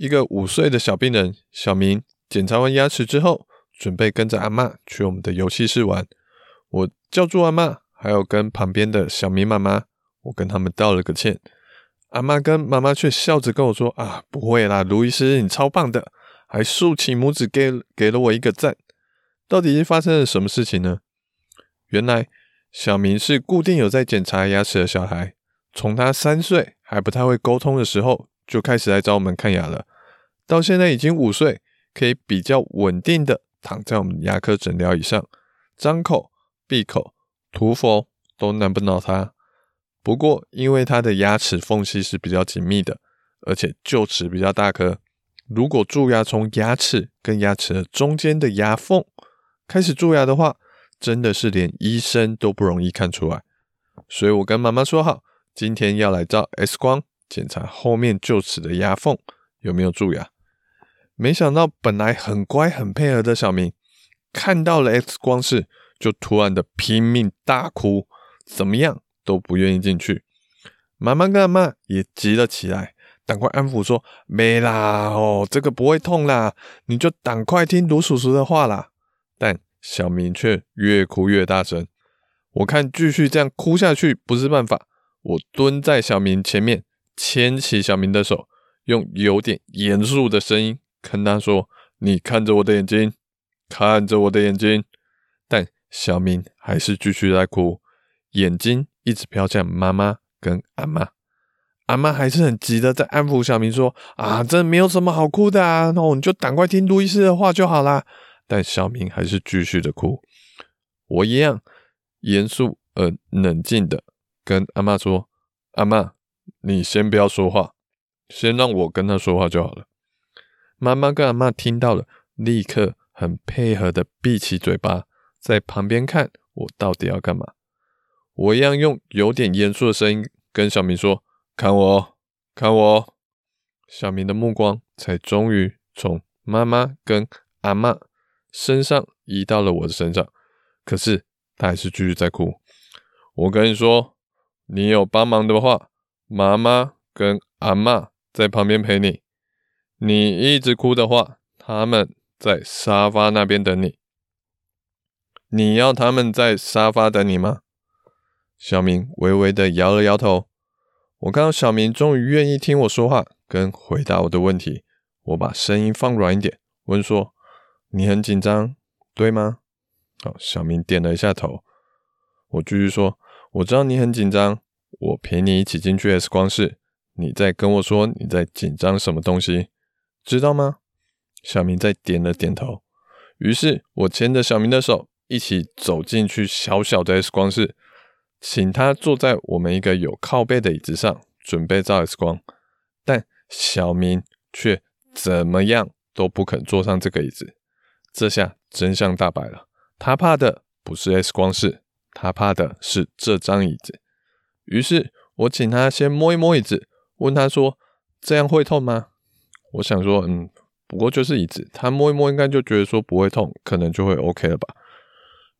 一個五歲的小病人小明檢查完牙齒之後，準備跟着阿嬤去我們的遊戲室玩。我叫住阿嬤，還有跟旁邊的小明媽媽，我跟他們道了個歉。阿嬤跟媽媽卻笑着跟我說：“啊，不會啦，盧醫師你超棒的！”還豎起拇指給給了我一個讚。到底發生了什麼事情呢？原來小明是固定有在檢查牙齒的小孩，從他三歲還不太會溝通的時候。就開始來找我們看牙了。到現在已經五歲，可以比較穩定的躺在我們牙科診療椅上，張口、閉口、吐佛都難不倒他。不過，因為他的牙齒縫隙是比較緊密的，而且臼齒比較大顆，如果蛀牙從牙齒跟牙齒的中間的牙縫開始蛀牙的話，真的是連醫生都不容易看出來。所以我跟媽媽說好，今天要來照 X 光。檢查後面臼齒的牙縫有沒有蛀牙、啊。沒想到本來很乖很配合的小明，看到了 X 光室，就突然的拼命大哭，怎麼樣都不願意進去。媽媽跟阿嬤也急了起來，趕快安撫說：“沒啦哦，這個不會痛啦，你就趕快聽盧叔叔的話啦。”但小明卻越哭越大聲。我看繼續這樣哭下去不是辦法，我蹲在小明前面。牽起小明的手，用有點嚴肅的聲音跟他說：“你看着我的眼睛，看着我的眼睛。”但小明還是繼續在哭，眼睛一直飄向媽媽跟阿嬤。阿嬤還是很急的在安撫小明說：“啊，這沒有什麼好哭的，啊，那我們就趕快聽盧醫師的話就好啦。”但小明還是繼續的哭。我一樣嚴肅而冷靜的跟阿嬤說：“阿嬤。”你先不要說話，先讓我跟他說話就好了。媽媽跟阿嬤聽到了，立刻很配合的閉起嘴巴，在旁邊看我到底要幹嘛。我一樣用有點嚴肅的聲音跟小明說：“看我，看我。”小明的目光才終於從媽媽跟阿嬤身上移到了我的身上，可是他還是繼續在哭。我跟你說，你有幫忙的話。媽媽跟阿嬤在旁邊陪你，你一直哭的話，他們在沙發那邊等你。你要他們在沙發等你嗎？小明微微的搖了搖頭。我看到小明終於願意聽我說話，跟回答我的問題。我把聲音放軟一點，問說：“你很緊張，對嗎？”好，小明點了一下頭。我繼續說：“我知道你很緊張。”我陪你一起進去 X 光室，你在跟我說你在緊張什麼東西，知道嗎？小明在點了點頭。於是，我牽着小明的手一起走進去小小的 X 光室，請他坐在我們一個有靠背的椅子上，準備照 X 光。但小明卻怎麼樣都不肯坐上這個椅子。這下真相大白了，他怕的不是 X 光室，他怕的是這張椅子。於是我請他先摸一摸椅子，問他說：“這樣會痛嗎？”我想說：“嗯，不過就是椅子。”他摸一摸，應該就覺得說不會痛，可能就會 OK 了吧。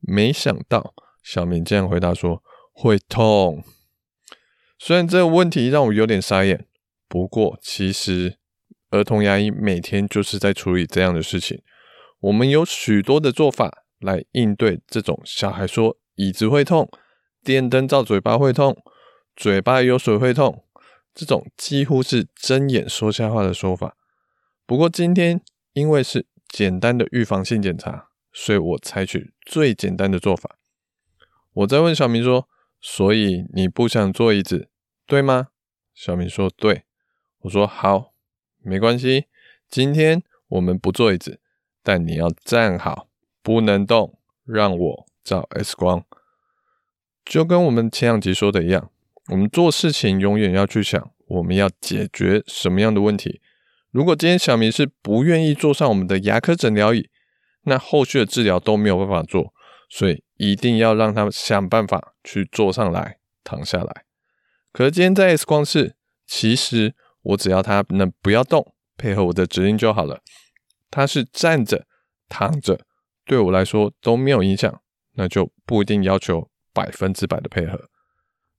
沒想到小明竟然回答說：“會痛。”雖然這個問題讓我有點傻眼，不過其實兒童牙醫每天就是在處理這樣的事情。我們有許多的做法來應對這種小孩說椅子會痛、電燈照嘴巴會痛。嘴巴有水會痛，這種幾乎是睜眼說瞎話的說法。不過今天因為是簡單的預防性檢查，所以我採取最簡單的做法。我再問小明說：“所以你不想坐椅子，對嗎？”小明說：“對。”我說：“好，沒關係。今天我們不坐椅子，但你要站好，不能動，讓我照 X 光。”就跟我們前兩集說的一樣。我們做事情永遠要去想，我們要解決什麼樣的問題。如果今天小明是不願意坐上我們的牙科診療椅，那後續的治療都沒有辦法做，所以一定要讓他想辦法去坐上來，躺下來。可是今天在 X 光室，其實我只要他能不要動，配合我的指令就好了。他是站着、躺着，對我來說都沒有影響，那就不一定要求百分之百的配合。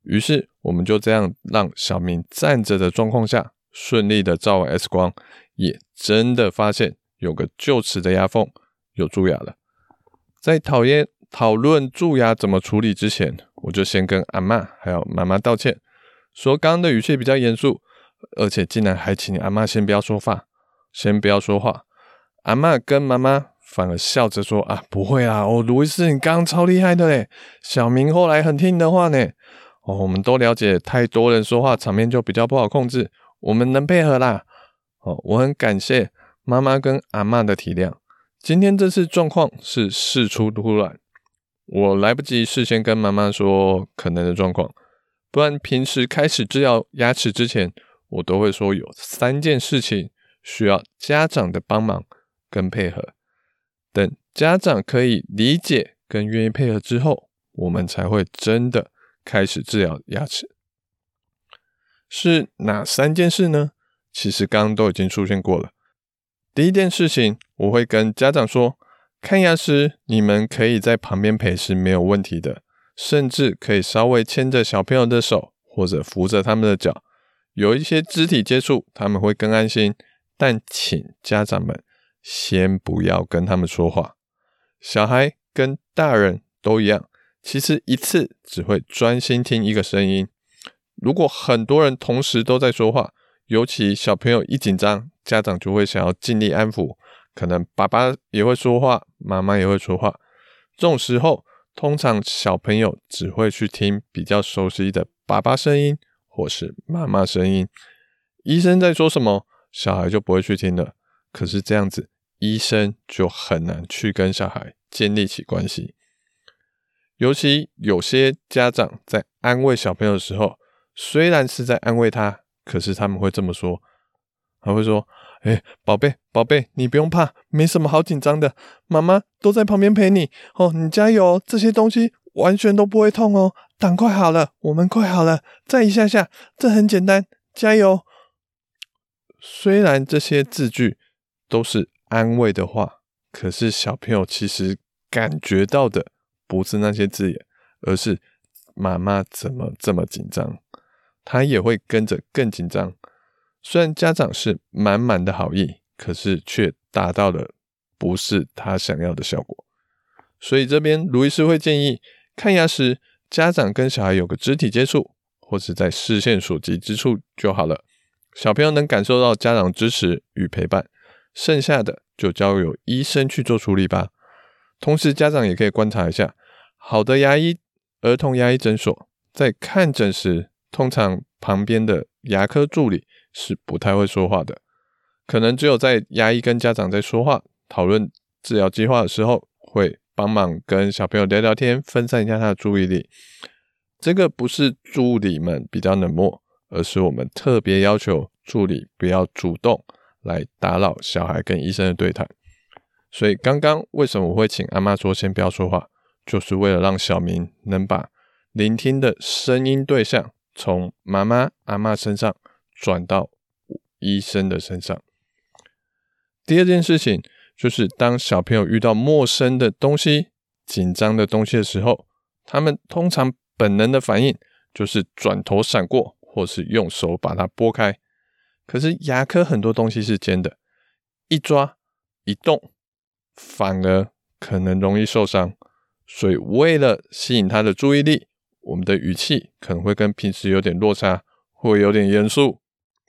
於是我們就這樣讓小明站着的狀況下，順利的照完 X 光，也真的發現有個臼齒的牙縫有蛀牙了。在討論討論蛀牙怎麼處理之前，我就先跟阿嬤還有媽媽道歉，說剛剛的語氣比較嚴肅，而且竟然還請阿嬤先不要說話，先不要說話。阿嬤跟媽媽反而笑着說啊，不會啦，我盧醫師你剛剛超厲害的咧，小明後來很聽你的話呢。哦，我們都了解，太多人說話，場面就比較不好控制。我們能配合啦。哦，我很感謝媽媽跟阿嬤的體諒。今天這次狀況是事出突然，我來不及事先跟媽媽說可能的狀況。不然平時開始治療牙齒之前，我都會說有三件事情需要家長的幫忙跟配合。等家長可以理解跟願意配合之後，我們才會真的。開始治療牙齒。是哪三件事呢？其實剛剛都已經出現過了。第一件事情，我會跟家長說，看牙齒，你們可以在旁邊陪是沒有問題的，甚至可以稍微牽着小朋友的手或者扶着他們的腳，有一些肢體接觸，他們會更安心。但請家長們先不要跟他們說話，小孩跟大人都一樣。其實一次只會專心聽一個聲音。如果很多人同時都在說話，尤其小朋友一緊張，家長就會想要盡力安撫，可能爸爸也會說話，媽媽也會說話。這種時候，通常小朋友只會去聽比較熟悉的爸爸聲音或是媽媽聲音。醫生在說什麼，小孩就不會去聽了，可是這樣子，醫生就很難去跟小孩建立起關係。尤其有些家長在安慰小朋友的時候，雖然是在安慰他，可是他們會這麼說，還會說：“哎、欸，寶貝，寶貝，你不用怕，沒什麼好緊張的，媽媽都在旁邊陪你哦，你加油！這些東西完全都不會痛哦，等快好了，我們快好了，再一下下，這很簡單，加油！”雖然這些字句都是安慰的話，可是小朋友其實感覺到的。不是那些字眼，而是媽媽怎麼這麼緊張，他也會跟着更緊張。雖然家長是滿滿的好意，可是卻達到了不是他想要的效果。所以這邊盧醫師會建議，看牙時家長跟小孩有個肢體接觸，或是在視線所及之處就好了。小朋友能感受到家長支持與陪伴，剩下的就交由醫生去做處理吧。同時，家長也可以觀察一下。好的牙醫，兒童牙醫診所，在看診時，通常旁邊的牙科助理是不太會說話的，可能只有在牙醫跟家長在說話、討論治療計劃的時候，會幫忙跟小朋友聊聊天，分散一下他的注意力。這個不是助理們比較冷漠，而是我們特別要求助理不要主動來打擾小孩跟醫生的對談。所以剛剛為什麼我會請阿嬤說先不要說話？就是為了讓小明能把聆聽的聲音對象從媽媽、阿嬤身上轉到醫生的身上。第二件事情就是，當小朋友遇到陌生的東西、緊張的東西的時候，他們通常本能的反應就是轉頭閃過，或是用手把它撥開。可是牙科很多東西是尖的，一抓一動，反而可能容易受傷。所以，為了吸引他的注意力，我們的語氣可能會跟平時有點落差，會有點嚴肅，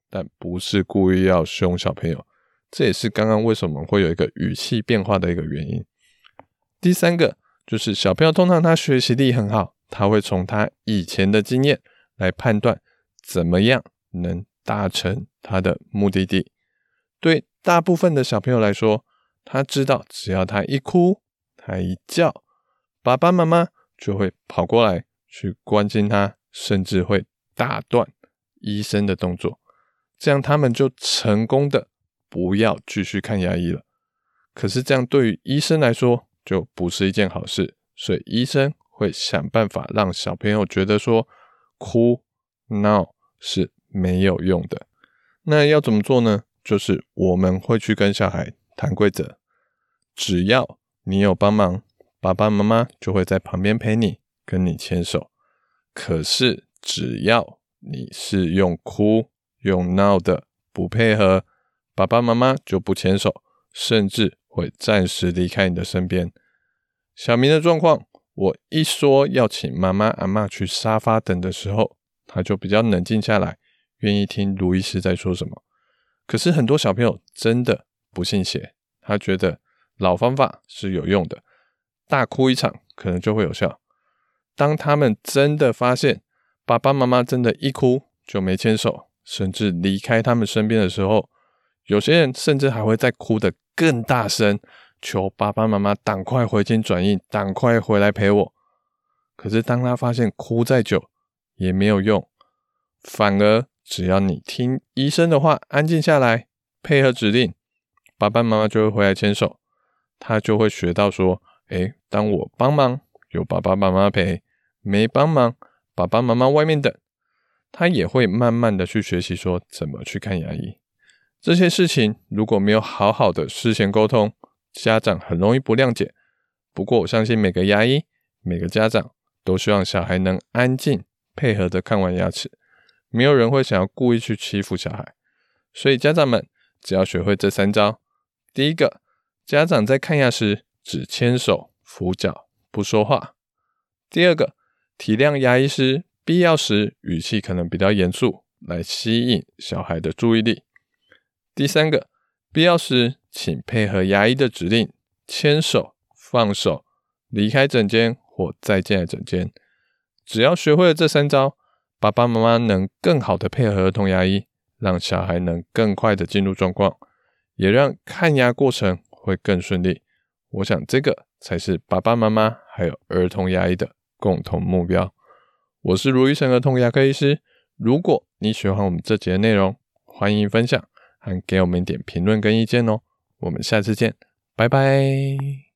但不是故意要凶小朋友。這也是剛剛為什麼會有一個語氣變化的一個原因。第三個就是小朋友通常他學習力很好，他會從他以前的經驗來判斷怎麼樣能達成他的目的地。對大部分的小朋友來說，他知道只要他一哭，他一叫，爸爸媽媽就會跑過來去關心他，甚至會打斷醫生的動作，這樣他們就成功的不要繼續看牙醫了。可是這樣對於醫生來說就不是一件好事，所以醫生會想辦法讓小朋友覺得說哭鬧是沒有用的。那要怎麼做呢？就是我們會去跟小孩談規則，只要你有幫忙。爸爸媽媽就會在旁邊陪你，跟你牽手。可是只要你是用哭、用鬧的不配合，爸爸媽媽就不牽手，甚至會暫時離開你的身邊。小明的狀況，我一說要請媽媽阿嬤去沙發等的時候，他就比較冷靜下來，願意聽盧醫師在說什麼。可是很多小朋友真的不信邪，他覺得老方法是有用的。大哭一場可能就會有效。當他們真的發現爸爸媽媽真的，一哭就沒牽手，甚至離開他們身邊的時候，有些人甚至還會再哭得更大聲，求爸爸媽媽趕快回心轉意，趕快回來陪我。可是當他發現哭再久也沒有用，反而只要你聽醫生的話，安靜下來，配合指令，爸爸媽媽就會回來牽手，他就會學到說。誒，當我幫忙，有爸爸媽媽陪；沒幫忙，爸爸媽媽外面等。他也會慢慢的去學習，說怎麼去看牙醫。這些事情如果沒有好好的事先溝通，家長很容易不諒解。不過我相信每個牙醫、每個家長都希望小孩能安靜配合的看完牙齒，沒有人會想要故意去欺負小孩。所以家長們只要學會這三招：第一個，家長在看牙時。只牽手、扶腳，不說話。第二個，體諒牙醫師，必要時語氣可能比較嚴肅，來吸引小孩的注意力。第三個，必要時請配合牙醫的指令，牽手、放手、離開診間或再進來診間。只要學會了這三招，爸爸媽媽能更好的配合兒童牙醫，讓小孩能更快的進入狀況，也讓看牙過程會更順利。我想，這個才是爸爸媽媽還有兒童牙醫的共同目標。我是盧醫師兒童牙科醫師。如果你喜歡我們這節的內容，歡迎分享，還給我們一點評論跟意見哦。我們下次見，拜拜。